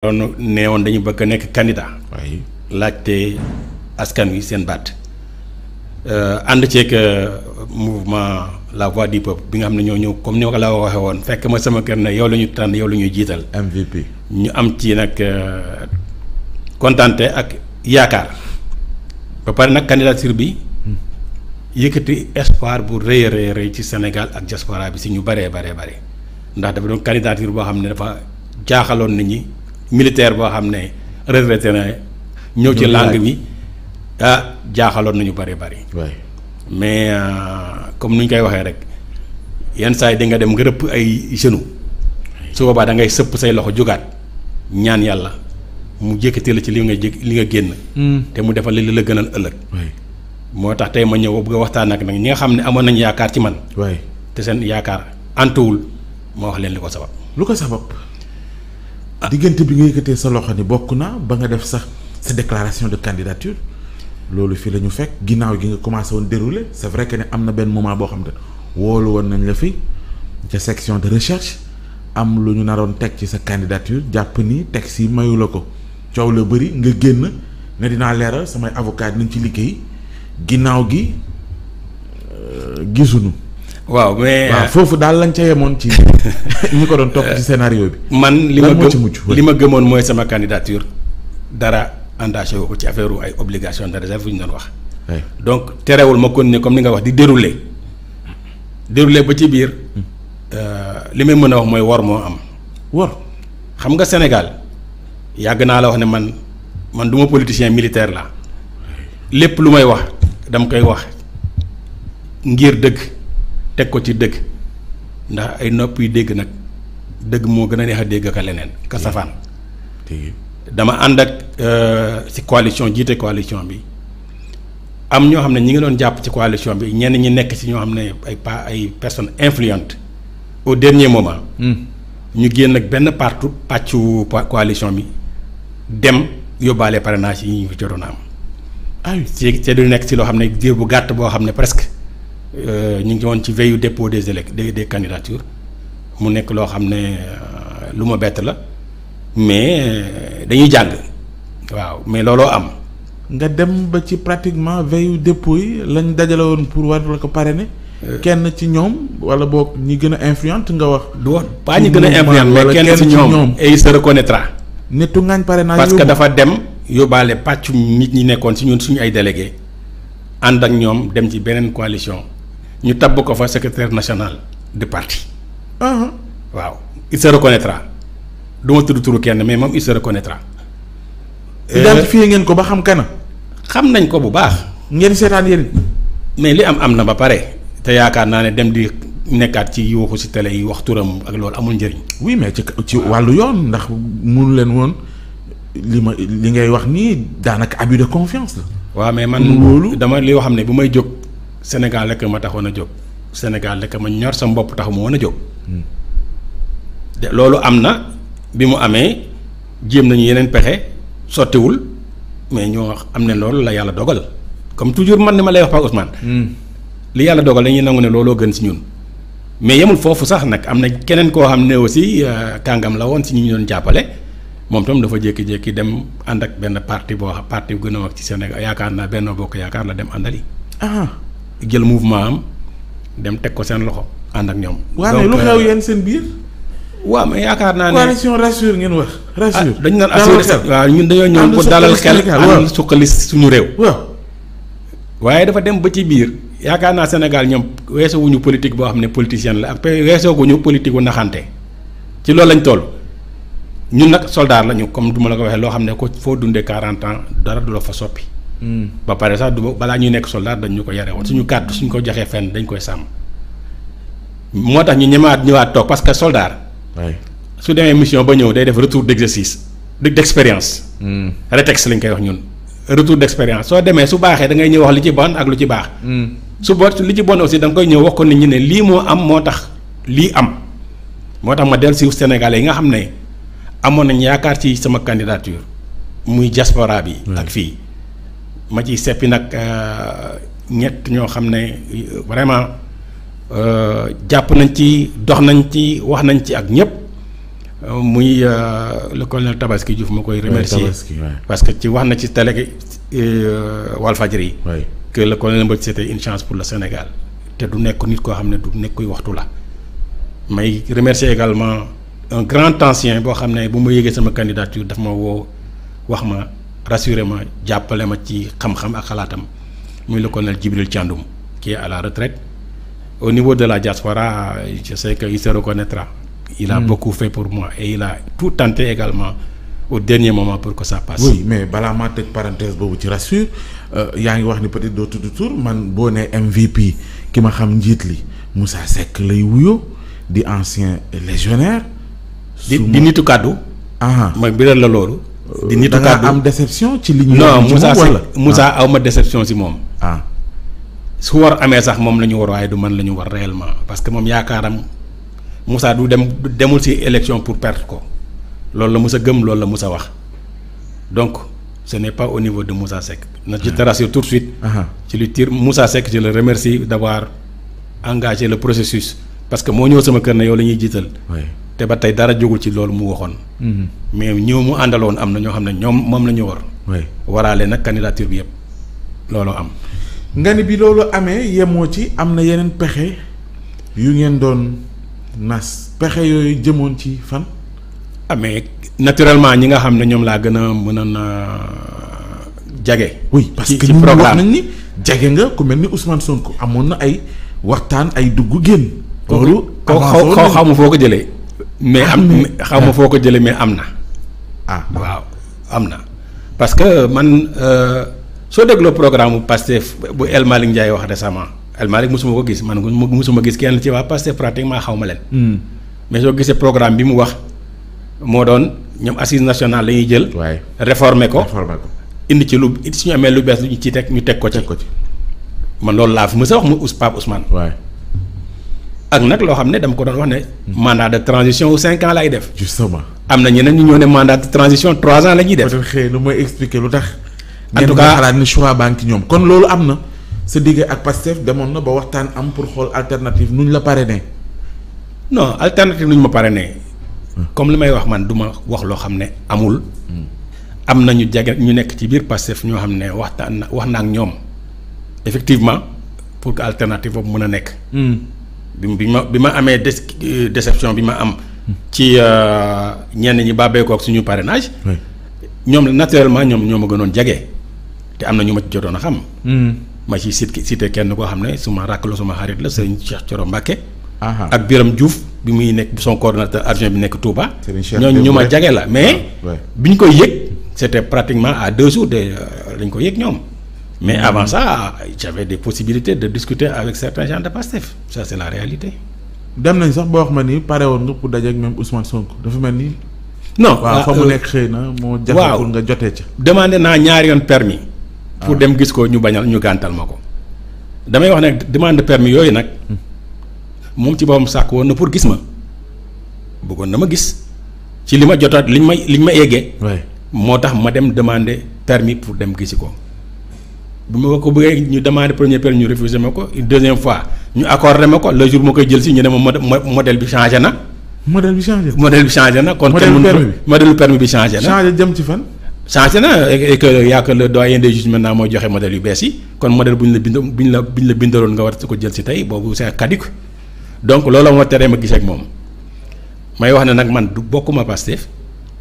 doon neewoon dañu bëgg a nekk candidat laajte askan wi seen baat euh, ànd ceek euh, mouvement la voix du peuple bi nga xam ne ñoo ñëw comme ni ma la waxee woon fekk ma sama kër ne yow la ñu tànn yow ñuy jiital MVP ñu am ci nag euh, kontante ak yaakaar ba pare nag candidature bi yëkkati espoir bu rëy a rëy ci senegal ak diaspora bi si ñu bëree baree bëri ndax dafa doon candidature boo xam ne dafa jaaxaloon nit ñi militaire boo xam ne retraité na ñëw ci langue bi ah jaaxaloon nañu bari bari. mais euh, comme ni ñu koy waxee rek yenn saa yi di nga dem nga ay genoux su boobaa da ngay sëpp say loxo jugaat ñaan yàlla mu jékkati la ci li nga jé li nga génn. Hmm. te mu defal li la gënal ëllëg. moo tax tey ma ñëw bëgg a waxtaan ak nag ñi nga xam ne amoon nañu yaakaar ci man. te seen yaakaar antuwul ma wax leen li ko sabab. lu ko sabab. diggante bi nga yëkkatee sa loxo ni bokk naa ba nga def sax sa déclaration de candidature loolu fii la ñu fekk ginnaaw gi nga commencé woon dérouler c'est vrai que ne am na benn moment boo xam ne woolu woon nañ la fi ca section de recherche am lu ñu naroon teg ci sa candidature jàpp ni teg si mayu la ko coow la bëri nga génn ne dinaa leeral samay avocat nañ ci liggéey ginnaaw gi euh, gisuñu. waaw mais euh, foofu daal lañ ca yemoon ci ñi ko doon topp ci euh, scénario bi. man li ma gëm li ma gëmoon mooy sama candidature dara engagé wu ci affaire ay obligation de réserve fu ñu doon wax. donc terewul ma ko continuer comme li nga wax di dérouler dérouler ba ci biir hmm. euh, li may mën a wax mooy wor moo am. wor xam nga Sénégal yàgg naa la wax ne man man du ma politicien militaire la lépp lu may wax dama koy wax ngir dëgg. teg ko ci dëgg ndax ay nopp yu dégg nag dëgg moo gën a neex a dégg ka leneen kasafaan dama ànd ak si euh, coalition jiite coalition bi am ñoo xam ne ñi ngi doon jàpp ci coalition bi ñenn ñi nekk si ñoo xam ne ay pa ay personnes influentes au dernier moment hmm. ñu génn ak benn partout pàccu coalition bi dem yóbbaale parrainage yi ñu fi jotoon a am ay c'est du nekk ci loo xam ne diir bu gàtt boo xam ne presque Euh, ñu ngi woon ci veille dépôt des élect des des candidatures mu nekk loo xam ne euh, lu ma bett la mais euh, dañuy jàng waaw mais looloo am. nga dem ba ci pratiquement veille dépôt yi lañ dajale woon pour war ko pare ne kenn ci ñoom wala boog ñi gën a influente nga wax. lu wax pas ñi gën a influente mais kenn ci ñoom et il se reconnaîtra. nettu ngaañ parrainage parce que dafa dem yóbbaale pàccu nit ñi nekkoon si ñun suñu ay délégué ànd ak ñoom dem ci beneen coalition ñu tabb ko fa secrétaire national du parti. Uh-huh. waaw il se reconnaîtra du ma turu kenn mais moom il se reconnaîtra. identifié ngeen ko ba xam kana xam nañ ko bu baax. ngeen seetaan yéen. mais li am am na ba pare te yaakaar naa ne dem di nekkaat ci yuuxu si télé yi wax turam ak loolu amul njëriñ. oui mais ci ci wàllu yoon ndax mënu leen woon li ma li ngay wax nii daanaka abus de confiance la. waaw mais man loolu dama li yoo xam ne bu may jóg. Sénégal rek ma taxoon a jóg Sénégal rek ma ñor sa mbopp taxu ma woon a jóg. Hmm. loolu am na bi mu amee jéem nañu yeneen pexe sottiwul mais ñoo am ne loolu la yàlla dogal comme toujours man ni ma lay wax Pape Ousmane. Hmm. li yàlla dogal dañuy nangu ne looloo gën si ñun. mais yemul foofu sax nag am na keneen koo xam ne aussi euh, kàngam la woon si ñu doon jàppale moom tam dafa jékki-jékki dem ànd ak benn parti boo xam parti bu gën a mag ci Sénégal yaakaar naa benn bokk yaakaar dem àndali. Ah. jël mouvement am dem teg ko seen loxo ànd ak ñoom. waaw mais lu xew euh, yéen seen yaakaar naa ne coalition rassure ngeen wax. rassure ah, waaw ñun dañoo ñëw pour dalal xel ànd suqali suñu réew. waaye dafa dem ba ci biir yaakaar naa Sénégal ñoom weesowuñu politique boo xam ne politicien la ak weesooguñu politique wu naxante ci loolu lañ toll ñun nag soldat lañu comme du ma la ko waxee loo xam ne ko foo dundee 40 ans dara du la fa soppi. Hmm. ba pare sax du balaa ñuy nekk soldat dañu ñu ko yare woon suñu kàddu suñu ko joxee fenn dañ koy sàmm. moo tax ñu ñemaat ñëwaat toog parce que soldat. su demee mission ba ñëw day def retour d' exercice d' expérience. Hmm. rétex lañ koy wax ñun. retour d' expérience soo demee su baaxee da ngay ñëw wax li ci bon ak lu ci baax. Hmm. su boo li ci bon aussi danga koy ñëw wax ko nit ñi ne lii moo am moo tax lii am moo tax ma dellu si Sénégalais yi nga xam ne amoon nañ yaakaar ci sama candidature muy diaspora bi. fii. ma ciy seppi nag euh, ñett ñoo xam ne vraiment euh, jàpp nañ ci dox nañ ci wax nañ ci ak ñëpp muy euh, le colonel Tabaski Diouf ma koy remercier parce que ci wax na ci télé Walfadjri yi que le colonel Mbodj c'était une chance pour le Sénégal te du nekk nit koo xam ne du nekk kuy waxtu la may remercier également un grand ancien boo xam ne bu ma yëgee sama candidature daf ma woo wax ma rassuré ma jàppale ma ci xam-xam ak xalaatam muy le colonel Djibril Thiandoum qui est la retraite au niveau de la diaspora je sais que il se reconnaîtra il hmm. fait pour moi et il a tout tenté également ou dernier moment pour que ça passe. mais balaa maa tëj parenthèse boobu ci rassure euh, yaa ngi wax ni peut-être doo tudd tur man boo nee MVP ki ma xam njiit li Moussa Seck lay wuyoo di ancien légionnaire. di di nitu kàddu. Ah. ma biral la loolu. di da nga am déception ci li ñu. non Moussa Moussa ah. aw ma déception si moom. ah su war amee sax moom la ñu war waaye du man la ñu war réellement parce que moom yaakaaram Moussa du dem demul si élection pour perte ko loolu la Moussa gëm loolu la Moussa wax donc ce n'est pas au niveau de Moussa Seck. na ci te ah. tout de suite. ci lu tir Moussa Seck je le remercie d'avoir engagé la processus parce que moo ñëw sama kër ne yow la ñuy jiital. te ba tey dara jógul ci loolu mu waxoon. Mm-hmm. mais ñëw mu àndaloon am na ñoo xam ne ñoom moom la ñu war. waraale nag candidature bi yëpp looloo am. nga ni bi loolu amee yemoo ci am na yeneen pexe yu ngeen doon nas pexe yooyu jëmoon ci fan. amee ah, mais naturellement ñi nga xam ne ñoom laa gën a mënoon a jage. oui parce que ñu wax ni jage nga ku mel ni Ousmane Sonko amoon na ay waxtaan ay dugg génn. loolu ko xaw ma foo ko jëlee. mais am ah, xaw ma ah. foo ko jële mais am na. ah waaw am na parce que man euh, soo dégloo programme bu Pastef bu El Malick Ndiaye wax récemment El Malick mosuma ko gis man mosuma gis kenn ci waa Pastef pratiquement xaw ma leen. Hmm. mais soo gisee programme bi mu wax moo doon ñoom assise national la ñuy jël. waay réformer ko indi ci lu suñu amee lu bees lu ñu ci teg ñu teg ko ci. man loolu laa fi mu a wax mu us Ousmane. waay ak nag loo xam ne dama ko doon wax ne. mandat de transition wu cinq ans lay def. am na ñeneen ñu ñëw ne mandat de transition trois ans la ñuy def. peut être xëy na mooy expliquer lu tax. en tout cas xalaat ni choix baa ñoom kon loolu am na. sa digg ak Pastef demoon na ba waxtaan am pour xool alternative nuñ la parrainé. non alternative nuñ ma parrainé. comme li may wax man duma wax loo xam ne amul. am na ñu jege ñu nekk ci biir Pastef ñoo xam ne waxtaan na wax na ak ñoom effectivement pour que alternative mën a nekk. bi ma bi ma amee des euh, déception bi ma am. ci euh, ñenn ñi bàbbeekoo ak suñu parrainage. ñoom naturellement ñoom ñoo ma gënoon jege. te am na ñu ma ci jotoon a xam. Hmm. ma ci cité kenn koo xam ne suma rakk la suma xarit la sëriñ Cheikh Thioro Mbacke. ak Biram Diouf bi muy nekk son coordonnateur adjoint bi nekk Touba. ñooñu ñu ma jege la mais. Ah, bi ñu koy yëg c' était pratiquement à deux jours de dañ euh, ko yëg ñoom. mais avant ça j'avais de possibilité de discuter avec certains gens de Pastef ça c'est la réalité. dem nañ sax boo wax ma ni pare woon nga pour dajeeg même Ousmane Sonko dafa mel ni. non waaw fa mu euh, nekk xëy na moo. jafe pour nga jotee ca. demandé naa ñaari yoon permis pour ah. dem gis ko ñu bañal ñu gàntal ma ko. damay wax nag demande permis yooyu nag hmm. moom ci boppam sàkk woon na pour gis ma bëggoon na ma gis ci li ma jotaat liñ ma liñ ma yeggee. moo tax ma dem demander permis pour dem gisi ko. bu ma ko bëggee ñu demandé première période ñu refusé ma ko une deuxième fois ñu accordé ma ko le jour ma koy jël si ñu ne ma modèle bi changé na. modèle bi changé na modèle bi changé na. kon kenn mënu modèle permis bi changé na. changé jëm ci fan. changé na et que y' a que le doyen des juges maintenant mooy joxe modèle yu bees yi kon modèle bu ñu la bind bu ñu la bu ñu la bindaloon nga war a ko jël si tey boobu c'est caduc donc looloo moo teree ma gis ak moom may wax ne nag man du bokkuma Pastef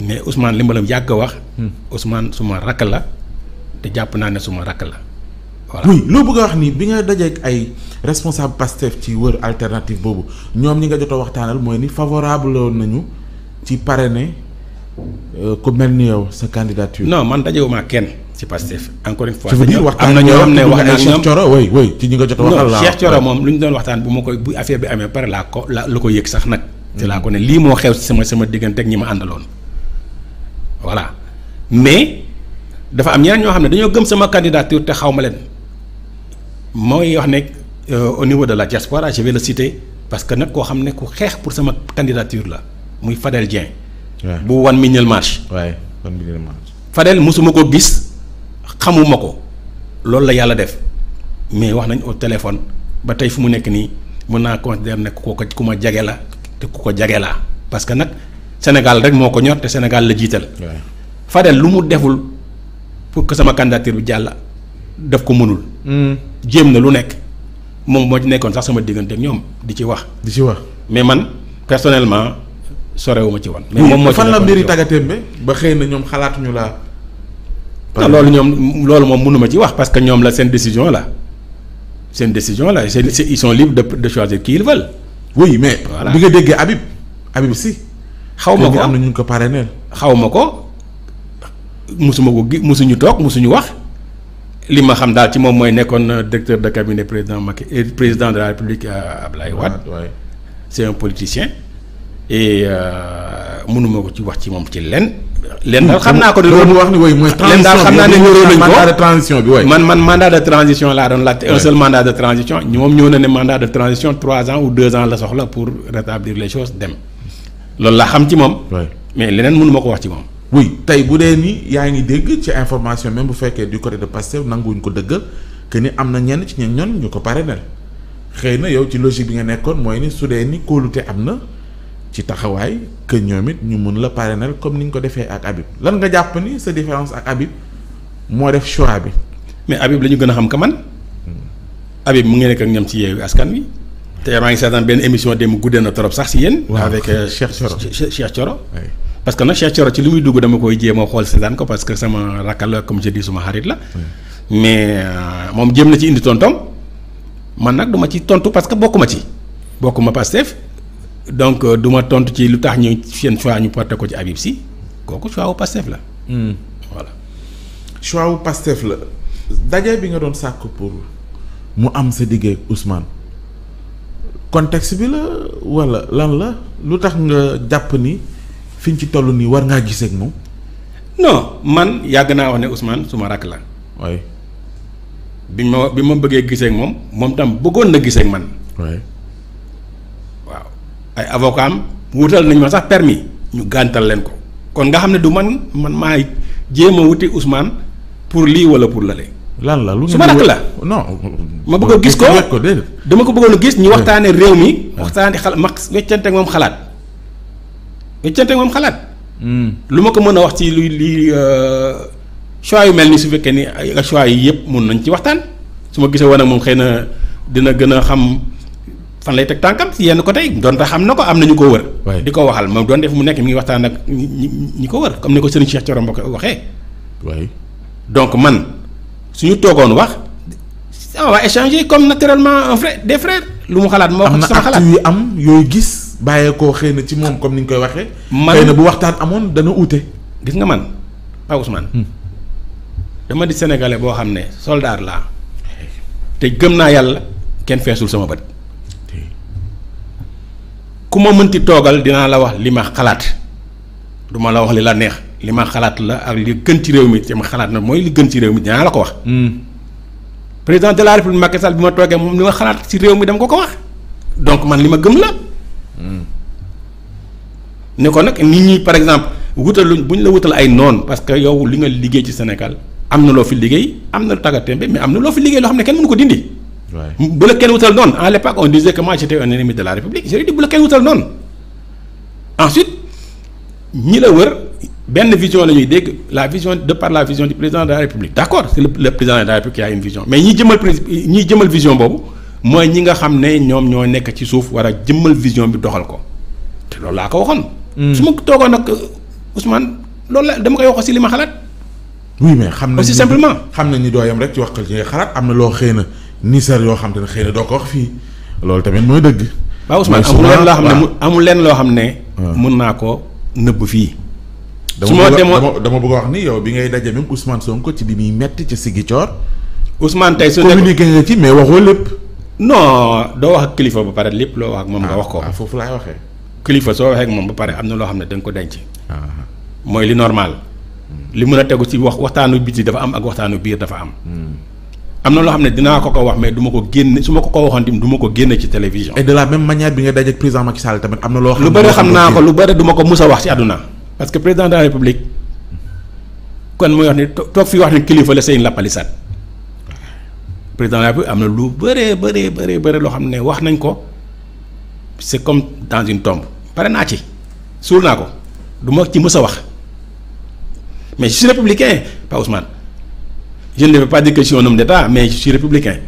mais Ousmane li ma la yàgg a wax. Hmm. Ousmane suma rakk la te jàpp naa ne suma rakk la. voilà oui loo bëgg a wax ni bi nga dajeek ay responsable Pastef ci wër alternative boobu ñoom ñi nga jot a waxtaanal mooy ni favorable woon nañu ci parrainer euh, ku mel ni yow sa candidature. non man dajewuma kenn ci Pastef. encore une fois am na ñoo xam ne wax nañ Cheikh Thioro oui oui ci ñi nga jot a moom lu ñu doon waxtaan bu ma koy bu affaire bi amee pare laa ko la ko yëg sax nag. ci mm. ne lii moo xew sama sama diggante ak ma àndaloon mais dafa am ñeneen ñoo xam ne dañoo gëm sama candidature te xaw ma leen. mooy wax ne euh, au niveau de la diaspora je vais le citer parce que nag koo xam ne ku xeex pour sama candidature la muy Fadel Dieng. bu One Million March. waay One Million Fadel mosuma ko gis xamuma ko loolu la yàlla def mais wax nañ au téléphone ba tey fu mu nekk nii mën naa considérer ne ku ko ku ma jage la te ku ko jage laa parce que nag Sénégal rek moo ko ñor te Sénégal la jiital. Fadel lu mu deful pour que sama candidature bi jàll def ko mënul. Hmm. jéem na lu nekk moom moo ci nekkoon sax sama diggante ak ñoom di ci wax. di ci wax mais man personnellement sorewuma ci woon. mais moom moo fan la mbiri bi ba xëy na ñoom xalaatuñu laa. non ah, loolu ñoom loolu moom mënuma ci wax parce que ñoom la seen décision la seen décision la seen ils sont libres de de choisir qui ils veulent. oui mais bi nga déggee Habib Habib si. xaw ma ko am na ñu ko parrainé. xaw ma ko mosuma ko gi mosuñu toog mosuñu wax. li ma xam daal ci moom mooy nekkoon directeur de cabinet président Macky euh, président de la République euh, Abdoulaye Wade c'est un politicien et euh, mënuma ko ci wax ci moom ci lenn lenn daal xam naa ko de loolu wax ni way mooy transition bi waay man man mandat de transition laa doon laajte un seul mandat de transition ñoom ñëw na ne mandat de transition trois ans ou deux ans la soxla pour rétablir les choses dem loolu laa xam ci moom mais leneen mënuma ko wax ci moom oui tey bu dee ni yaa ngi dégg ci information même bu fekkee du côté de Pastef nanguwuñ ko dëggal que ni am na ñenn ci ñen ñoon ñu ko parrainel xëy na yow ci logique bi nga nekkoon mooy ni su dee ni kóolute am na ci taxawaay que ñoom it ñu mun la parrainel comme ni ñu ko defee ak Habib lan nga jàpp ni sa différence ak Habib moo def choix bi. mais Habib la ñu gën a xam ka man. Habib mu ngi nekk ak ci yeewu askan wi. te maa ngi seetaan benn émission démb guddee na trop sax si yéen. avec euh, Cheikh Thioro Cheikh Thioro. parce que nag Cheikh Thioro ci li muy dugg dama koy jéem a xool seetaan ko parce que sama rakkal la comme je dis suma xarit la. mais euh, moom jéem na ci indi tontom man nag du ci tontu parce que bokkuma ci. bokkuma Pastef donc euh, du ma tontu ci lu tax ñu seen choix ñu porté ko ci Habib si kooku choix wu Pastef la. Hmm. voilà. choix wu Pastef la daje bi nga doon sàkk pour mu am sa digg ak Ousmane contexte bi la walla lan la lu tax nga jàpp ni. fi ci toll nii war ngaa gisee ak moom. non man yàgg naa wax ne Ousmane suma rakk la. waaye bi ma bi ma bëggee gisee moom moom tam bëggoon na gisee man. waay waaw ay wutal nañ ma sax permis ñu gàntal leen ko kon nga xam ne du man man maa jéem a wuti Ousmane pour lii wala pour lale. lan la lu su ma rakk la non. ma a gis ko dama ko bëggoon a gis ñu waxtaanee réew mi. waxtaanee xalaat ma weccante moom xalaat. wéccante moom xalaat. Hmm. lu ma ko mën a wax ci luy li euh, choix yu mel ni su fekkee ni ay choix yi yëpp mun nañ ci waxtaan su ma gisee woon ak moom xëy na dina gën a xam fan lay teg tànkam si yenn côté yi donte xam na ko am na ñu ko wër. di ko waxal moom doon def mu nekk mi ngi waxtaan ak ñi ñi ko wër comme ni ko sëriñ Cheikh Thioro Mbacké waxee. waay man suñu toogoon wax. on va échanger comme naturellement un frère des frères lu mu xalaat. moo wax sama xalaat am na yu am yooyu gis. bàyyee bàyyeekoo xëy na ci moom comme ni ñu koy waxee. man na bu waxtaan amoon dana ute gis nga man Pape Ousmane. Hmm. dama di sénégalais boo xam ne soldat laa te gëm naa yàlla kenn feesul sama bët ku ma mënti toogal dinaa la wax li ma xalaat duma la wax li la neex li ma xalaat la ak li gën ci réew mi te ma xalaat na mooy li gën ci réew mi dinaa la ko wax. Hmm. président de la république Macky bi ma toogee moom li ma xalaat ci réew mi dama ko ko wax donc man li ma gëm la. Mm. ne ko nag nit ñi par exemple wutaluñ bu ñu la wutal ay noon parce que yow li nga liggéey ci Sénégal am na loo fi liggéey am na tàggatémbe mais am na loo fi liggéey loo xam ne kenn mënu ko dindi. waay bu la kenn wutal noonu à l'époque on disait que moi j'étais un ñi la wër benn vision la ñuy dégg la vision de par la vision du président de la République d'accord c'est le, président de la République qui une vision mais ñi jëmal ñi jëmal vision boobu. mooy ñi nga xam ne ñoom ñoo nekk ci suuf war a jëmmal vision bi doxal ko te loolu laa ko waxoon. Hmm. su ma toogoon nag euh, Ousmane loolu la dama koy wax si li ma xalaat. mais xam nañ aussi simplement. xam nañ ni dooyam rek ci wax ci xalaat am na loo xëy na nisar yoo xam te ne xëy na doo ko wax fii loolu tamit mooy dëgg. waaw Ousmane amul lenn loo xam ne amul ah. lenn loo xam ne. mun naa ko nëbb fii. su ma demoon dama bëgg a wax ni yow bi ngay daje même Ousmane Sonko ci bi muy metti ca Ziguinchor. Ousmane tey su nekk communiqué nga ci mais waxoo lépp. non doo wax ak kilifa ba pare lépp loo wax ak moom nga ah, wax ko. Ah, foofu laay waxee. kilifa soo waxee ak moom ba pare am na loo xam ne da nga ko denc. Ah, mooy li normal. Hmm. li mën a tegu ci wax waxtaanu biti dafa am ak waxtaanu biir dafa am. Hmm. am na loo xam ne dinaa ko ko wax mais du ma ko génne su ma ko ko waxoon tamit du ma ko génne ci télévision. et de la même manière bi nga daje ak président Macky Sall tamit am na loo. xam lu bëri xam naa ko lu bëri du ma ko mus a wax ci àdduna. parce que président de la kon muy wax ni toog fii wax ni kilifa la sëñ la palisat président la am na lu bëree bëree bëree bëri loo xam ne wax nañ ko c'est comme dans une tombe pare naa ci suul naa ko du ma ci mës a wax mais je suis républicain pas Ousmane je ne vais pas dire que je suis un mais je républicain